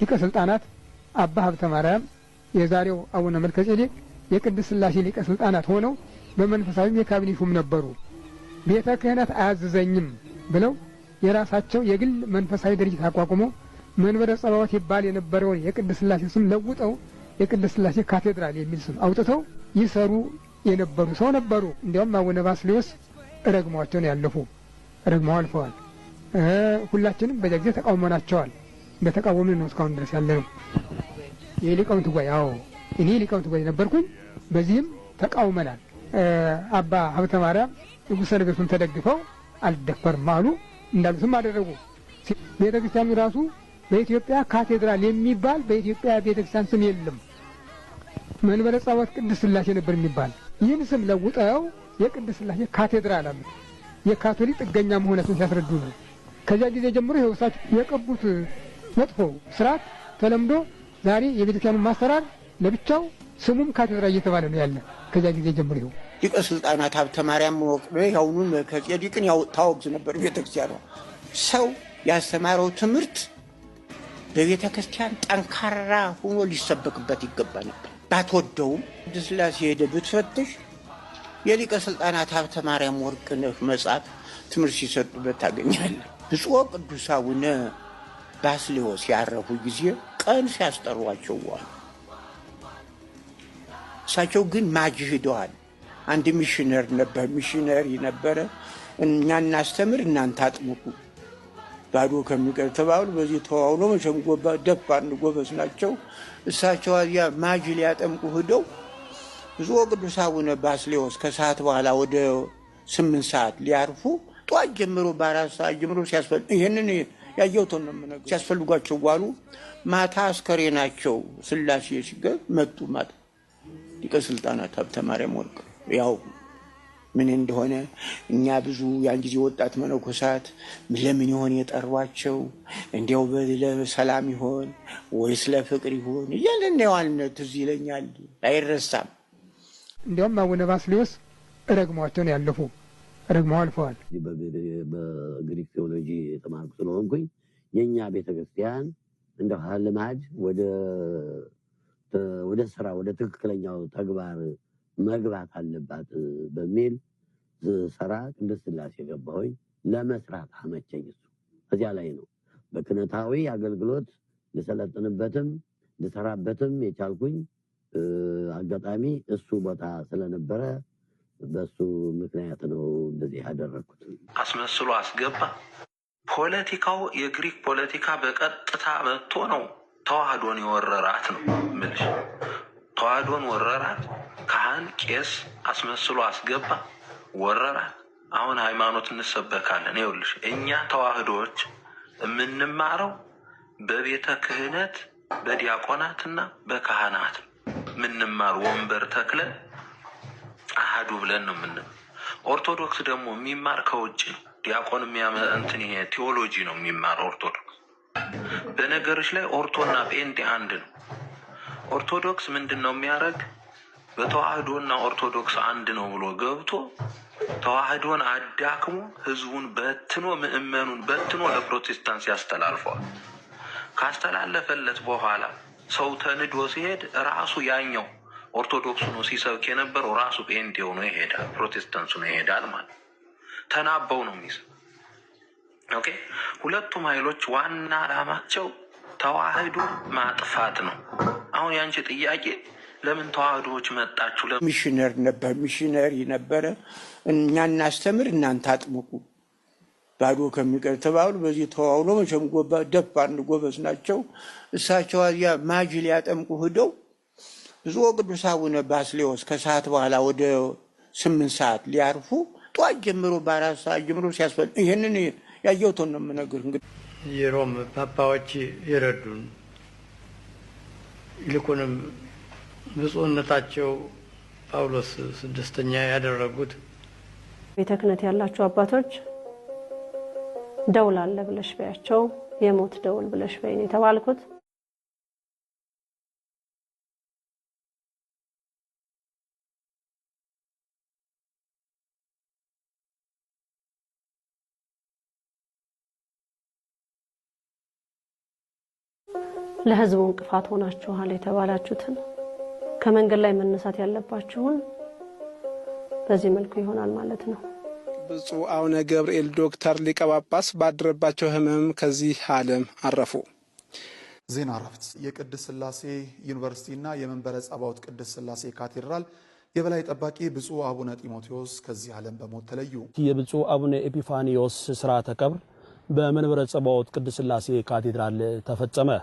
ሊቀ ስልጣናት አባ ሀብተ ማርያም የዛሬው አቡነ መልከጼዴቅ የቅድስት ስላሴ ሊቀ ስልጣናት ሆነው በመንፈሳዊም የካቢኔ ሹም ነበሩ። ቤተ ክህነት አያዝዘኝም ብለው የራሳቸው የግል መንፈሳዊ ድርጅት አቋቁሞ መንበረ ጸባዖት ይባል የነበረውን የቅድስት ስላሴ ስም ለውጠው የቅድስት ስላሴ ካቴድራል የሚል ስም አውጥተው ይሰሩ የነበሩ ሰው ነበሩ። እንዲያውም አቡነ ባስሌዎስ ረግሟቸውን ያለፉ ረግመው አልፈዋል። ሁላችንም በዚያ ጊዜ ተቃውመናቸዋል። በተቃወመ ነው እስካሁን ድረስ ያለ ነው። የሊቃውንት ጉባኤ አዎ፣ እኔ የሊቃውንት ጉባኤ ነበርኩኝ። በዚህም ተቃውመናል። አባ ሀብተ ማርያም ንጉሠ ነገሥቱን ተደግፈው አልደፈርም አሉ። እንዳሉትም አደረጉ። ቤተ ክርስቲያኑ ራሱ በኢትዮጵያ ካቴድራል የሚባል በኢትዮጵያ ቤተ ክርስቲያን ስም የለም። መንበረ ጸባዖት ቅድስት ስላሴ ነበር የሚባል ይህን ስም ለውጠው የቅድስት ስላሴ ካቴድራል አሉ። የካቶሊክ ጥገኛ መሆነትን ሲያስረዱ ነው። ከዚያ ጊዜ ጀምሮ ይኸው እሳቸው የቀቡት መጥፎ ስርዓት ተለምዶ ዛሬ የቤተክርስቲያኑ ማሰራር ለብቻው ስሙም ካቴድራ እየተባለ ነው ያለ። ከዚያ ጊዜ ጀምሮ ይሁ ሊቀ ስልጣናት ሀብተ ማርያም ወቅዶ ያውኑን ከጼዲቅን ያው ታወግዝ ነበር ቤተክርስቲያኑ። ሰው ያስተማረው ትምህርት በቤተ ክርስቲያን ጠንካራ ሆኖ ሊሰበክበት ይገባ ነበር። ባትወደውም ስላሴ ሄደ ብትፈትሽ የሊቀ ስልጣናት ሀብተ ማርያም ወርቅነህ መጽሐፍ ትምህርት ሲሰጡበት ታገኛለ። ብፁዕ ቅዱስ አቡነ ባስልዮ ሲያረፉ ጊዜ ቀን ሲያስጠሯቸው ዋሉ። እሳቸው ግን ማጅ ሂደዋል። አንድ ሚሽነር ነበር ሚሽነሪ ነበረ። እኛ እናስተምር እናንተ አጥምቁ ባዶ ከሚቀር ተባሉ። በዚህ ተዋውሎ መቼም ጎባ ደፋን ጎበዝ ናቸው። እሳቸው አዚያ ማጅ ሊያጠምቁ ሂደው ብዙ ቅዱስ አቡነ ባስሌዎስ ከሰዓት በኋላ ወደ ስምንት ሰዓት ሊያርፉ ጠዋት ጀምሮ በአራት ሰዓት ጀምሮ ሲያስፈል ይህንን ያየሁትን ነው የምነግርህ። ሲያስፈልጓቸው ዋሉ። ማታ አስከሬ ናቸው ስላሴ ሲገ መጡ። ማታ ሊቀ ስልጣናት ሀብተ ማርያም ወርቅ ያው ምን እንደሆነ እኛ ብዙ ያን ጊዜ ወጣት መነኮሳት ለምን ይሆን የጠሯቸው? እንዲያው ለሰላም ይሆን ወይስ ለፍቅር ይሆን እያለን ዋልነት ትዝ ይለኛል፣ አይረሳም። እንዲያውም አቡነ ባስልዮስ ረግሟቸውን ያለፉ ረግመው አልፈዋል። ስለሆንኩኝ የእኛ ቤተክርስቲያን እንደ ልማድ ወደ ስራ ወደ ትክክለኛው ተግባር መግባት አለባት በሚል ስራ ቅድስት ስላሴ ገባሁኝ። ለመስራት አመቸኝ። እሱ እዚያ ላይ ነው። በክነታዊ አገልግሎት ልሰለጥንበትም ልሰራበትም የቻልኩኝ አጋጣሚ እሱ ቦታ ስለነበረ በሱ ምክንያት ነው እንደዚህ ያደረግኩት። አስመስሎ አስገባ። ፖለቲካው የግሪክ ፖለቲካ በቀጥታ መጥቶ ነው ተዋህዶን የወረራት ነው ምልሽ። ተዋህዶን ወረራት። ካህን ቄስ አስመስሎ አስገባ፣ ወረራት። አሁን ሃይማኖት እንሰበካለን። ይኸውልሽ እኛ ተዋህዶዎች የምንማረው በቤተ ክህነት በዲያቆናትና በካህናት የምንማር ወንበር ተክለን አህዱ ብለን ነው የምን ኦርቶዶክስ ደግሞ የሚማር ከውጭ ነው ዲያቆን እንትን ይሄ ቴዎሎጂ ነው የሚማር ኦርቶዶክስ። በነገሮች ላይ ኦርቶና ጴንጤ አንድ ነው። ኦርቶዶክስ ምንድን ነው የሚያደርግ? በተዋህዶና ኦርቶዶክስ አንድ ነው ብሎ ገብቶ ተዋህዶን አዳክሞ ህዝቡን በትኖ ምእመኑን በትኖ ለፕሮቴስታንት ያስተላልፈዋል። ካስተላለፈለት በኋላ ሰው ተንዶ ሲሄድ ራሱ ያኛው ኦርቶዶክሱ ነው ሲሰብክ የነበረው ራሱ ጴንጤው ነው ይሄዳል፣ ፕሮቴስታንቱ ነው ይሄዳል ማለት ተናበው ነው የሚይዙ። ኦኬ ሁለቱም ኃይሎች ዋና አላማቸው ተዋህዶ ማጥፋት ነው። አሁን ያንቺ ጥያቄ ለምን ተዋህዶዎች መጣችሁ? ሚሽነር ነበር ሚሽነሪ ነበረ። እኛ እናስተምር እናንተ አጥምቁ ባዶ ከሚቀር ተባሉ። በዚህ ተዋውሎ መቼም ጎባ ደፋን ጎበዝ ናቸው እሳቸው። አዚያ ማጅ ሊያጠምቁ ሂደው ብዙ ወቅዱስ አቡነ ባስሌዎስ ከሰዓት በኋላ ወደ ስምንት ሰዓት ሊያርፉ ጠዋት ጀምሮ በአራት ሰዓት ጀምሮ ሲያስፈል ይህንን ያየሁትን ነው የምነግር። እንግዲህ የሮም ፓፓዎች የረዱን ይልቁንም ብፁዕነታቸው ጳውሎስ ስድስተኛ ያደረጉት ቤተ ክህነት ያላችሁ አባቶች ደውል አለ ብለሽ በያቸው የሞት ደውል ብለሽ በይን የተባልኩት ለህዝቡ እንቅፋት ሆናችኋል የተባላችሁትን ከመንገድ ላይ መነሳት ያለባችሁን በዚህ መልኩ ይሆናል ማለት ነው። ብፁዕ አቡነ ገብርኤል ዶክተር ሊቀ ጳጳስ ባደረባቸው ህመም ከዚህ ዓለም አረፉ። ዜና እረፍት። የቅድስት ስላሴ ዩኒቨርሲቲና የመንበረ ጸባዖት ቅድስት ስላሴ ካቴድራል የበላይ ጠባቂ ብፁዕ አቡነ ጢሞቴዎስ ከዚህ ዓለም በሞት ተለዩ። የብፁዕ አቡነ ኤፒፋኒዮስ ስርዓተ ቀብር በመንበረ ጸባዖት ቅድስት ስላሴ ካቴድራል ተፈጸመ።